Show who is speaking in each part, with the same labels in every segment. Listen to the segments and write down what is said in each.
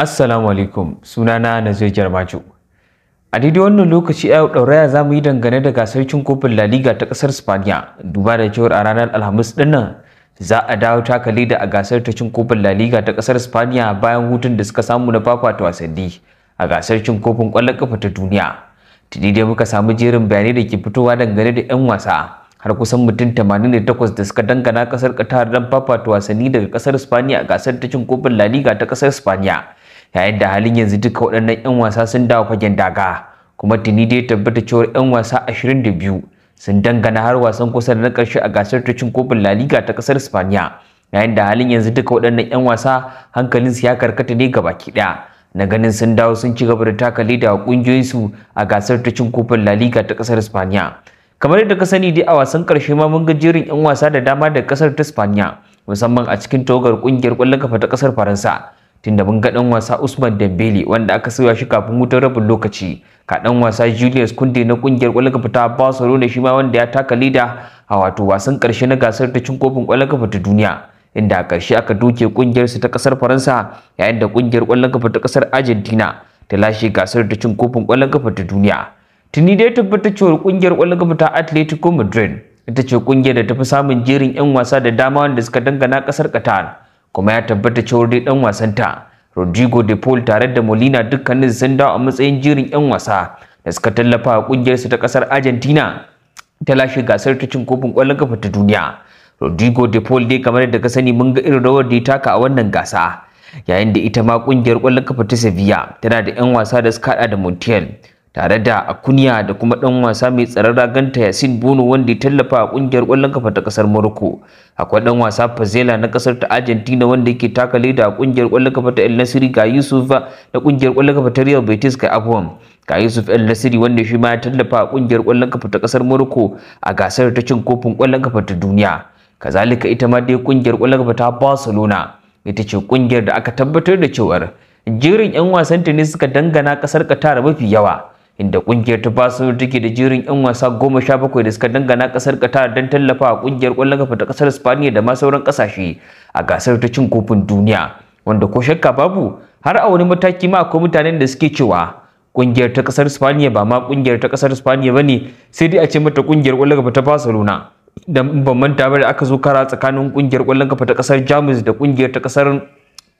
Speaker 1: Assalamu alaikum sunana Nazir jarmaju A daidai wannan lokaci a yau ɗauraya za mu yi dangane da gasar cin kofin La Liga ta ƙasar Spaniya duba da cewar a ranar Alhamis ɗinnan, za a dawo taka leda a gasar ta cin kofin La Liga ta ƙasar Spaniya bayan hutun da suka samu na ta wasanni a gasar cin kofin ƙwallon ƙafa ta duniya. Tuni dai muka samu jerin bayanai da ke fitowa dangane da 'yan wasa har kusan mutum 88 da suka dangana ƙasar Qatar don fafata wasanni daga ƙasar Spaniya a gasar ta cin kofin La Liga ta ƙasar Spaniya. yayin da halin yanzu duka waɗannan 'yan wasa sun dawo fagen daga kuma tuni dai tabbata cewar 'yan wasa 22 sun dangana har wasan kusa da na ƙarshe a gasar ta cin kofin La Liga ta ƙasar Spaniya yayin da halin yanzu duka waɗannan 'yan wasa hankalin su ya karkata ne ga baki ɗaya na ganin sun dawo sun ci gaba da taka leda wa ƙungiyoyinsu a gasar ta cin kofin La Liga ta ƙasar Spaniya kamar yadda ka sani dai a wasan ƙarshe ma mun ga jerin 'yan wasa da dama daga ƙasar ta Spaniya musamman a cikin tawagar ƙungiyar ƙwallon kafa ta ƙasar Faransa tunda mun ga dan wasa Usman Dembele wanda aka sauya shi kafin wutar rabin lokaci ka dan wasa Julius Kunde na kungiyar kwallon kafa ta Barcelona shi ma wanda ya taka leda a wato wasan karshe na gasar ta cin kofin kwallon kafa ta duniya inda a karshe aka doke kungiyar su ta kasar Faransa yayin da kungiyar kwallon kafa ta kasar Argentina ta lashe gasar ta cin kofin kwallon kafa ta duniya tuni dai tabbata cewa kungiyar kwallon kafa ta Atletico Madrid ita ce kungiyar da ta fi samun jerin 'yan wasa da dama wanda suka dangana kasar Qatar kuma ya tabbata cewa dai dan ta Rodrigo De Paul tare da Molina dukkanin sun dawo a matsayin jirin 'yan wasa da suka tallafa a kungiyar su ta kasar Argentina ta lashe gasar ta cin kofin kwallon kafa ta duniya. Rodrigo De Paul dai kamar yadda ka sani mun ga irin rawar da ya taka a wannan gasa yayin da ita ma kungiyar kwallon kafa ta Sevilla tana da 'yan wasa da suka hada da Montiel tare da akunya da kuma dan wasa mai tsaron ragan yasin bono wanda ya tallafa a kungiyar kwallon kafa ta kasar morocco akwai dan wasa fazela na kasar ta argentina wanda yake taka leda a kungiyar kwallon kafa ta el nasiri ga yusuf na kungiyar kwallon kafa ta real betis ga abuwan ga yusuf el nasiri wanda shi ma ya tallafa a kungiyar kwallon kafa ta kasar morocco a gasar ta cin kofin kwallon kafa ta duniya kazalika ita ma dai kungiyar kwallon kafa ta barcelona ita ce kungiyar da aka tabbatar da cewar jerin 'yan ta ne suka dangana kasar qatar mafi yawa inda kungiyar ta basu take da jirin yan wasa 17 da suka dangana kasar Qatar don tallafa wa kungiyar kwallon kafa ta kasar Spaniya da ma sauran kasashe a gasar ta cin kofin duniya wanda ko shakka babu har a wani mataki ma akwai mutanen da suke cewa kungiyar ta kasar Spaniya ba ma kungiyar ta kasar Spaniya bane sai dai a ce mata kungiyar kwallon kafa ta Barcelona da ban manta ba da aka zo kara tsakanin kungiyar kwallon kafa ta kasar Jamus da kungiyar ta kasar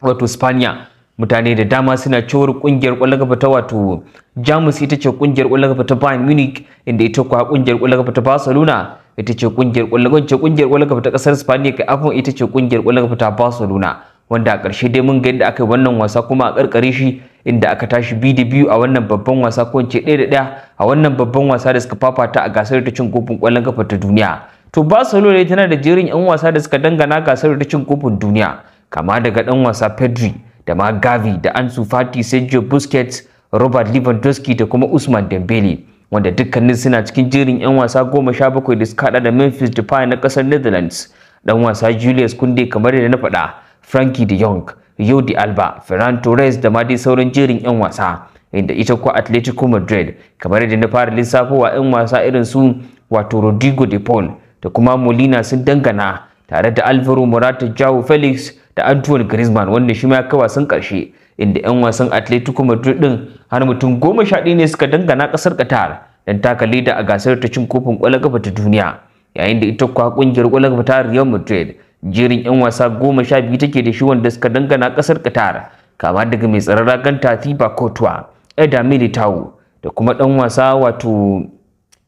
Speaker 1: wato Spaniya mutane da dama suna cewar kungiyar kwallon kafa ta wato jamus ita ce kungiyar kwallon kafa ta bayern munich inda ita kuwa kungiyar kwallon kafa ta barcelona ita ce kungiyar kwallon kafa kungiyar kwallon kafa ta kasar spaniya kai afon ita ce kungiyar kwallon kafa ta barcelona wanda a ƙarshe dai mun ga yadda aka yi wannan wasa kuma a ƙarƙare shi inda aka tashi biyu da biyu a wannan babban wasa ko ce ɗaya da ɗaya a wannan babban wasa da suka fafata a gasar ta cin kofin ƙwallon kafa ta duniya to barcelona tana da jerin 'yan wasa da suka dangana gasar ta cin kofin duniya kama daga ɗan wasa pedri da ma Gavi da Ansu Fati, Sergio Busquets, Robert Lewandowski da kuma Usman Dembele wanda dukkanin suna cikin jerin 'yan wasa goma sha bakwai da suka hada da Memphis Depay na kasar Netherlands, dan wasa Julius Kunde kamar da na faɗa, Frankie de Jong, Yodi Alba, Ferran Torres da ma dai sauran jerin 'yan wasa. Inda ita kuwa Atletico Madrid kamar da na fara lissafowa 'yan wasa irin su wato Rodrigo de Paul da kuma Molina sun dangana tare da Alvaro Morata Joao Felix da Antoine Griezmann wanda shi ma ya kai wasan karshe inda 'yan wasan Atletico Madrid din har mutum goma sha ɗaya ne suka dangana ƙasar Qatar don taka leda a gasar ta cin kofin ƙwallon ta duniya yayin da ita kuwa ƙungiyar ƙwallon ta Real Madrid jerin 'yan wasa goma sha biyu take da shi wanda suka dangana ƙasar Qatar kama daga mai tsaron ragan Thibaut Courtois Eda Militao da kuma ɗan wasa wato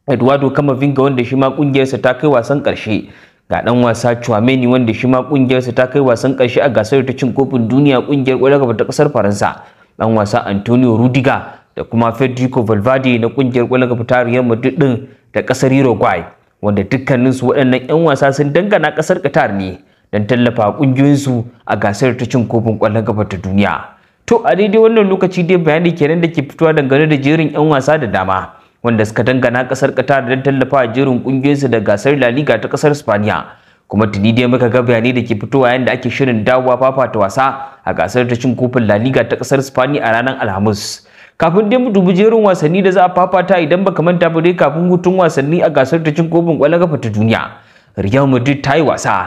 Speaker 1: Eduardo Camavinga wanda shi ma ƙungiyarsa ta kai wasan ƙarshe ga dan wasa Chouameni wanda shi ma ƙungiyarsa ta kai wasan karshe a gasar ta cin kofin duniya kungiyar kwallon ta kasar Faransa dan wasa Antonio rudiga da kuma Federico Valverde na kungiyar kwallon kafa ta Real Madrid din da kasar Uruguay wanda dukkanin su waɗannan ƴan wasa sun dangana kasar Qatar ne don tallafa su a gasar ta cin kofin kwallon kafa ta duniya to a daidai wannan lokaci dai bayani kenan da ke fitowa dangane da jerin ƴan wasa da dama wanda suka dangana kasar Qatar don tallafa jerin su da gasar La Liga ta kasar Spaniya kuma tuni dai muka ga bayanai da ke fitowa yayin da ake shirin dawowa ta wasa a gasar ta cin kofin La Liga ta kasar Spaniya a ranar Alhamis kafin dai mu dubi jerin wasanni da za a fafata idan baka manta ba dai kafin hutun wasanni a gasar ta cin kofin kwallon kafa ta duniya Real Madrid ta yi wasa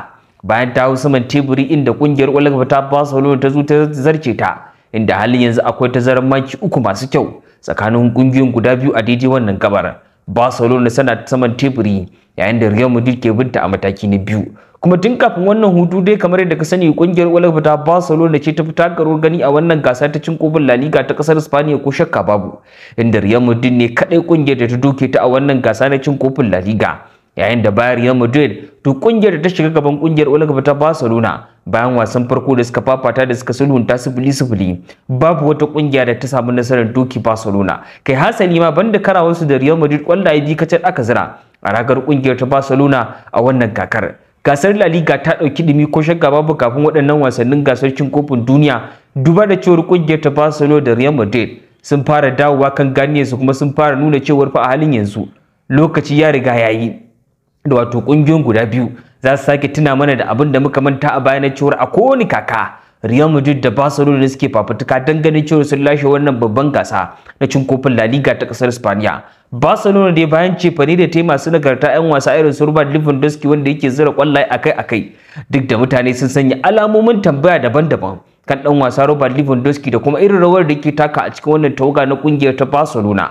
Speaker 1: bayan ta hau saman teburi inda kungiyar kafa ta Barcelona ta zo ta zarce ta inda halin yanzu akwai tazarar maki uku masu kyau tsakanin kungiyoyin guda biyu a daidai wannan gabar barcelona sana saman teburi yayin da real madrid ke binta a mataki na biyu kuma tun kafin wannan hutu dai kamar yadda ka sani kungiyar Olaf ta Barcelona ce ta fita garuwar gani a wannan gasa ta cin kofin La Liga ta kasar Spaniya ko shakka babu inda Real Madrid ne kadai kungiyar da ta doke ta a wannan gasa na cin kofin La Liga yayin da Bayern Real Madrid to kungiyar da ta shiga gaban kungiyar Olaf ta Barcelona bayan wasan farko da suka fafata da suka sulhunta sifili sifili babu wata kungiya da ta samu nasarar doki Barcelona kai hasali ma banda karawarsu da Real Madrid kwallaye bi kacal aka zira a ragar kungiyar ta Barcelona a wannan kakar gasar La Liga ta dauki dumi ko shakka babu kafin waɗannan wasannin gasar cin kofin duniya duba da cewar kungiyar ta Barcelona da Real Madrid sun fara dawowa kan su kuma sun fara nuna cewar fa a halin yanzu lokaci ya riga yayi da wato kungiyoyin guda biyu za su sake tuna mana da abin da muka manta a baya na cewar a kowane kaka Real Madrid da Barcelona ne suke fafutuka don ganin cewar sun lashe wannan babban gasa na cin kofin La Liga ta kasar Spaniya. Barcelona dai bayan cefane da ta masu nagarta 'yan wasa irin su Robert Lewandowski wanda yake zira kwallaye akai-akai duk da mutane sun sanya alamomin tambaya daban-daban kan dan wasa Robert Lewandowski da kuma irin rawar da yake taka a cikin wannan tawaga na kungiyar ta Barcelona.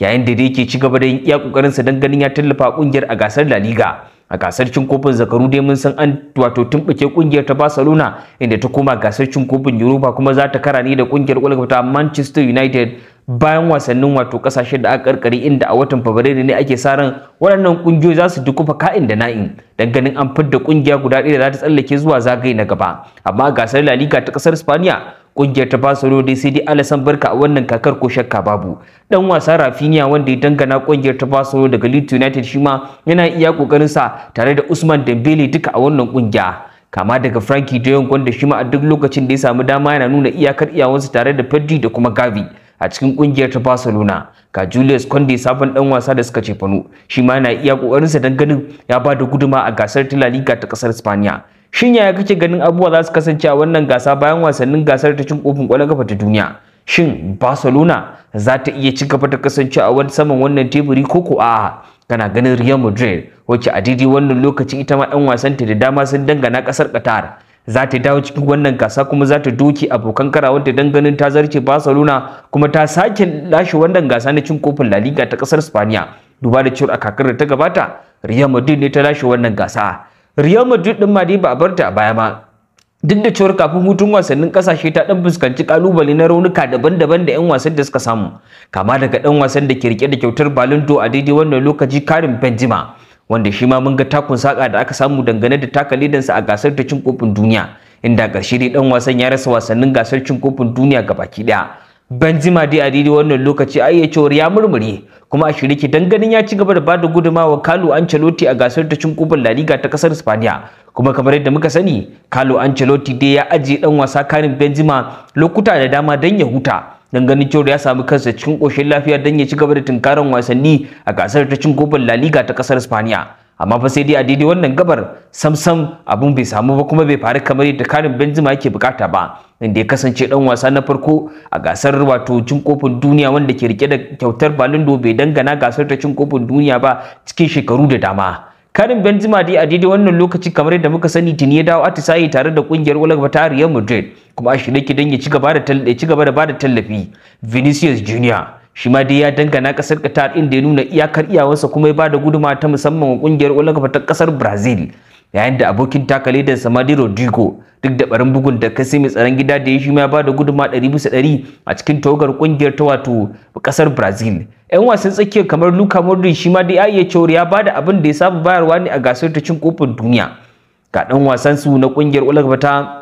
Speaker 1: yayin da yake ci gaba da yin iya kokarin sa ganin ya tallafa kungiyar a gasar La Liga a gasar cin kofin zakaru dai mun san an wato tumbuke kungiyar ta Barcelona inda ta koma gasar cin kofin Europa kuma za ta kara ne da kungiyar kwallon ta Manchester United bayan wasannin wato kasashe da aka karkare inda a watan Fabrairu ne ake sa ran waɗannan kungiyoyi za su dukufa ka'in da na'in dan ganin an da kungiya guda ɗaya da za ta tsallake zuwa zagaye na gaba amma gasar La Liga ta kasar Spaniya kungiyar ta Barcelona dai sai dai Alisson Barka a wannan kakar ko shakka babu dan wasa Rafinha wanda ya dangana kungiyar ta Barcelona daga Leeds United shi ma yana iya kokarin sa tare da Usman Dembele duka a wannan kungiya kama daga franky De Jong wanda shi ma a duk lokacin da ya samu dama yana nuna iyakar iyawansa tare da Pedri da kuma Gavi a cikin kungiyar ta Barcelona ga Julius Conde sabon dan wasa da suka ce fano shi ma yana iya kokarinsa dan ganin ya ba da guduma a gasar ta La Liga ta kasar Spaniya shin yaya kake ganin abubuwa za su kasance a wannan gasa bayan wasannin gasar ta cin kofin kwallon kafa ta duniya shin barcelona za ta iya ci gaba ta kasance a saman wannan teburi ko ko a'a kana ganin real madrid wacce a daidai wannan lokaci ita ma 'yan ta da dama sun dangana ƙasar qatar za ta dawo cikin wannan gasa kuma za ta doke abokan ta dan ganin ta zarce barcelona kuma ta sake lashe wannan gasa na cin kofin la liga ta ƙasar spaniya duba da cewar a kakar da ta gabata real madrid ne ta lashe wannan gasa Real Madrid din ma dai ba bar ta baya ba duk da cewar kafin hutun wasannin kasashe ta dan fuskanci kalubale na raunuka daban-daban da 'yan wasan da suka samu kama daga dan wasan da ke rike da kyautar Ballon d'Or a daidai wannan lokaci Karim Benzema wanda shi ma mun ga takun saka da aka samu dangane da taka sa a gasar ta cin kofin duniya inda ƙarshe dai dan wasan ya rasa wasannin gasar cin kofin duniya gabaki daya Benzema dai a daidai wannan lokaci ai ya cewar ya murmure kuma a shirye dan ganin ya ci gaba da bada gudumawa Carlo Ancelotti a gasar ta cin kofin La Liga ta kasar Spaniya kuma kamar yadda muka sani Carlo Ancelotti dai ya aje dan wasa Karim Benzema lokuta da dama dan ya huta dan ganin cewar ya samu kansa cikin koshin lafiya dan ya ci gaba da tunkaran wasanni a gasar ta cin kofin La Liga ta kasar Spaniya amma fa sai dai a daidai wannan gabar samsam abun bai samu ba kuma bai faru kamar yadda karin benzema yake bukata ba inda ya kasance dan wasa na farko a gasar wato cin kofin duniya wanda ke rike da kyautar balin bai dangana gasar ta cin kofin duniya ba cikin shekaru da dama karin Benzema dai a daidai wannan lokaci kamar yadda muka sani tuni ya dawo atisayi tare da kungiyar ulaga ta Real Madrid kuma a shirye ki dan ya ci gaba da ya da bada tallafi Vinicius Junior shi ma dai ya dangana kasar Qatar inda ya nuna iyakar iyawarsa kuma ya bada guduma ta musamman wa kungiyar ƙwallon ta kasar Brazil yayin da abokin takale da Samadi Rodrigo duk da barin bugun da kasi mai tsaron gida da ya shi ma ya bada guduma 100 a cikin tawagar kungiyar ta wato kasar Brazil yan wasan tsakiyar kamar Luka Modric shi ma dai ya iya cewa ya bada abin da ya saba bayarwa ne a gasar ta cin kofin duniya ga ɗan wasan su na kungiyar ƙwallon ta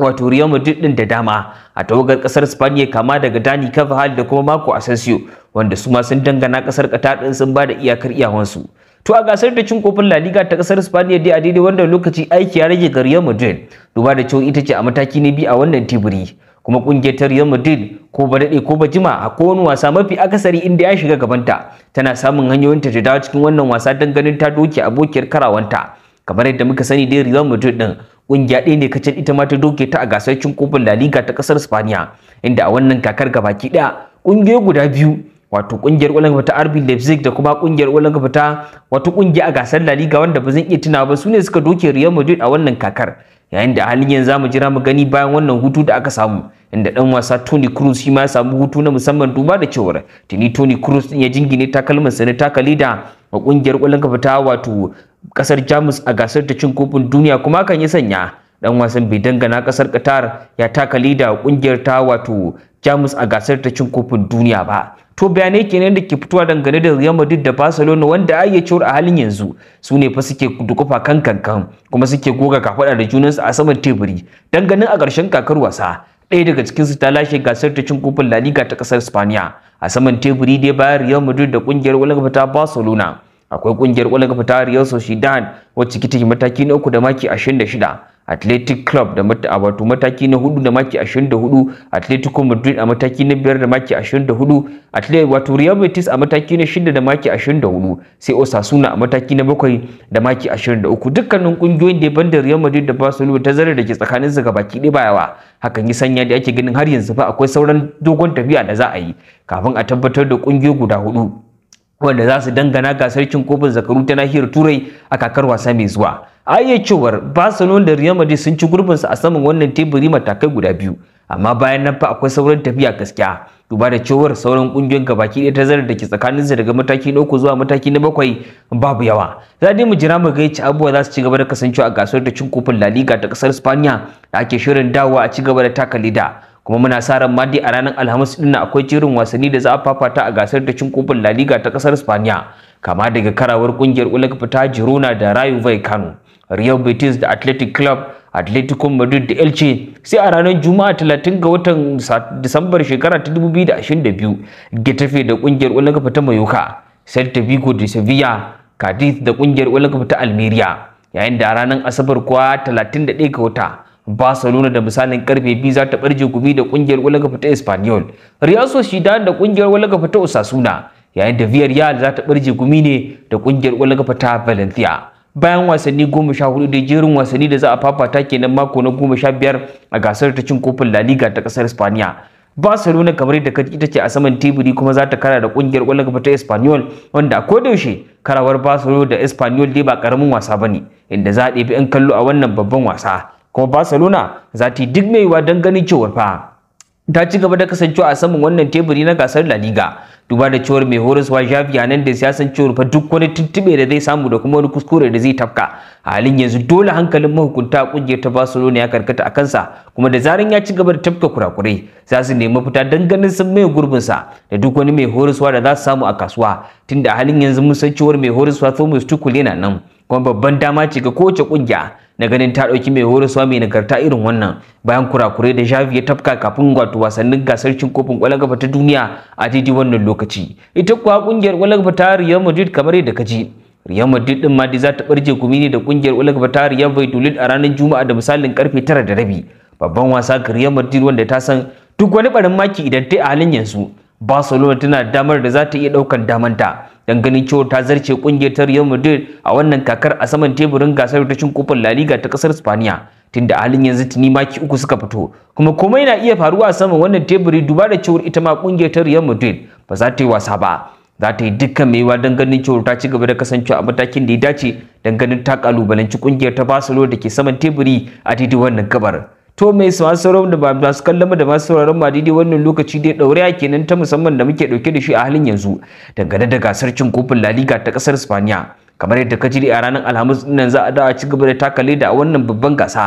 Speaker 1: wato Real Madrid din da dama a tawagar kasar Spain kama daga Dani Carvajal da kuma Marco Asensio wanda su ma sun dangana kasar Qatar din sun da iyakar su to a gasar da cin kofin La Liga ta kasar Spain dai a daidai wanda lokaci aiki ya rage ga Real Madrid duba da cewa ita ce a mataki na biyu a wannan tibiri kuma kungiyar ta Real Madrid ko ba dade ko ba jima a kowane wasa mafi akasari inda ya shiga gabanta tana samun hanyoyin ta dawo cikin wannan wasa don ganin ta doke abokiyar karawanta kamar yadda muka sani dai Real Madrid din kungiya ɗaya ne kacal ita ma ta doke ta a gasar cin kofin La Liga ta kasar Spaniya inda a wannan kakar gabaki ɗaya kungiyoyi guda biyu wato kungiyar ƙwallon gaba ta RB Leipzig da kuma kungiyar ƙwallon gaba ta wato kungiya a gasar La Liga wanda ba zan iya tunawa ba sune suka doke Real Madrid a wannan kakar yayin da halin yanzu mu jira mu gani bayan wannan hutu da aka samu inda dan wasa Toni Kroos shi ma ya samu hutu na musamman duba da cewar tuni Toni Kroos ya jingine takalmin sa na takali da a kungiyar ƙwallon kafa wato kasar Jamus a gasar ta cin kofin duniya kuma kan yi sanya dan wasan bai dangana kasar Qatar ya taka lida kungiyar ta wato Jamus a gasar ta cin kofin duniya ba to bayanai kenan da ke fitowa dangane da Real Madrid da Barcelona wanda ai ya ciwar a halin yanzu su ne fa suke dukufa kan kankan kuma suke goga kafada da junansu a saman teburi danganin a ƙarshen kakar wasa ɗaya daga cikin su ta lashe gasar ta cin kofin La Liga ta ƙasar Spaniya a saman teburi dai bayan Real Madrid da kungiyar gaba ta Barcelona akwai kungiyar ƙwallon kafa ta Real Sociedad wacce ke take mataki na uku da maki 26 Athletic Club da mata wato mataki na hudu da maki 24 Atletico Madrid a mataki na biyar da maki 24 Atletico wato Real Betis a mataki na shida da maki 24 sai Osasuna a mataki na bakwai da maki 23 dukkanin kungiyoyin da banda Real Madrid da Barcelona ta zarar da ke tsakanin su gabaki ɗaya bayawa hakan yi sanya da ake ganin har yanzu fa akwai sauran dogon tafiya da za a yi kafin a tabbatar da kungiyoyi guda hudu wanda za su dangana gasar cin kofin zakaru ta nahiyar turai a kakar wasa mai zuwa a iya cewar barcelona da real madrid sun ci gurbinsu a saman wannan teburi matakai guda biyu amma bayan nan fa akwai sauran tafiya gaskiya duba da cewar sauran kungiyoyin gabaki ɗaya tazarar da ke tsakanin su daga mataki na uku zuwa mataki na bakwai babu yawa za dai mu jira mu ga yace abubuwa za su ci gaba da kasancewa a gasar da cin kofin la liga ta kasar spaniya da ake shirin dawowa a ci gaba da taka leader kuma muna sa ran madi a ranar alhamis din akwai jerin wasanni da za a fafata a gasar da cin kofin la liga ta kasar spaniya kama daga karawar kungiyar ulag fita girona da rayo vallecano real betis da athletic club atletico madrid da elche sai a ranar juma'a 30 ga watan disambar shekara ta 2022 getafe da kungiyar ulag fita mayoka celta vigo da sevilla cadiz da kungiyar ulag fita almeria yayin da ranar asabar kuwa 31 ga wata Barcelona da misalin karfe biyu za ta barje gumi da kungiyar Walaga ta Espanyol. Real Sociedad da kungiyar Walaga ta Osasuna yayin da Villarreal za ta barje gumi ne da kungiyar Walaga ta Valencia. Bayan wasanni goma sha hudu da jerin wasanni da za a fafata kenan mako na goma sha biyar a gasar ta cin kofin La Liga ta kasar Espanya. Barcelona kamar yadda ita ce a saman teburi kuma za ta kara da kungiyar ƙwallon ta Espanyol wanda a kodayaushe karawar Barcelona da Espanyol dai ba karamin wasa ba ne inda za a ɗebi 'yan kallo a wannan babban wasa. kuma Barcelona za ta yi duk mai yiwuwa don ganin cewar fa ta ci gaba da kasancewa a saman wannan teburi na gasar La Liga duba da cewar mai horaswa Xavi nan da san cewar fa duk wani tuttube da zai samu da kuma wani kuskure da zai tafka a halin yanzu dole hankalin mahukunta kungiyar ta Barcelona ya karkata a kansa kuma da zaran ya ci gaba da tafka kurakurai za su nemi fita dan ganin sun mai gurbin sa da duk wani mai horaswa da za su samu a kasuwa tunda a halin yanzu mun san cewar mai horaswa Thomas Tuchel yana nan kuma babban dama ce ga kowace kungiya na ganin ta ɗauki mai horaswa mai nagarta irin wannan bayan kurakurai da shafi ya tafka kafin wato wasannin gasar cin kofin ƙwallon ta duniya a daidai wannan lokaci ita kuwa ƙungiyar ƙwallon ta Real Madrid kamar yadda ka ji Real Madrid din ma za ta barje gumi ne da kungiyar ƙwallon ta Real Valladolid a ranar Juma'a da misalin karfe 9 da rabi babban wasa ga Real Madrid wanda ta san duk wani barin maki idan ta a halin yanzu Barcelona tana damar da za ta iya ɗaukan damanta dan ganin cewa ta zarce kungiyar ta Real Madrid a wannan kakar a saman teburin gasar ta cin kofin La Liga ta kasar Spaniya tunda a halin yanzu tuni maki uku suka fito kuma komai na iya faruwa a saman wannan teburi duba da cewar ita ma kungiyar ta Real Madrid ba za ta yi wasa ba za ta yi dukkan maiwa don ganin cewa ta ci gaba da kasancewa a matakin da ya dace don ganin ta kalubalanci kungiyar ta Barcelona da ke saman teburi a daidai wannan gabar. to mai su masu sauran da masu kallon da masu sauraron ma daidai wannan lokaci dai yake kenan ta musamman da muke dauke da shi a halin yanzu dangane da gasar cin kofin La Liga ta kasar Spaniya kamar yadda ka jiri a ranar Alhamis nan za a dawo ci gaba da taka leda a wannan babban gasa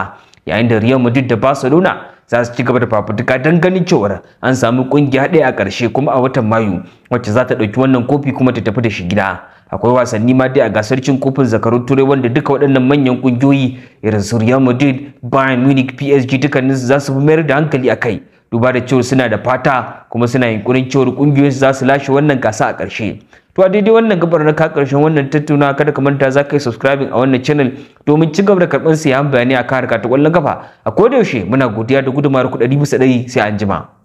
Speaker 1: yayin da Real Madrid da Barcelona za su ci gaba da fafutuka don ganin cewar an samu kungiya ɗaya a ƙarshe kuma a watan Mayu wacce za ta ɗauki wannan kofi kuma ta tafi da shi gida akwai wasanni ma dai a gasar cin kofin zakarun turai wanda duka waɗannan manyan ƙungiyoyi irin su Real Madrid, Bayern Munich, PSG dukkanin su za su mayar da hankali a kai duba da cewa suna da fata kuma suna yunkurin cewa su za su lashe wannan gasa a ƙarshe. To a daidai wannan gabar na ka ƙarshen wannan tattuna kada ka manta za ka yi subscribing a wannan channel domin ci gaba da karɓar sayan bayanai a kan harkar ta ƙwallon kafa. A kodayaushe muna godiya da gudumar kuɗari bisa ɗari sai an jima.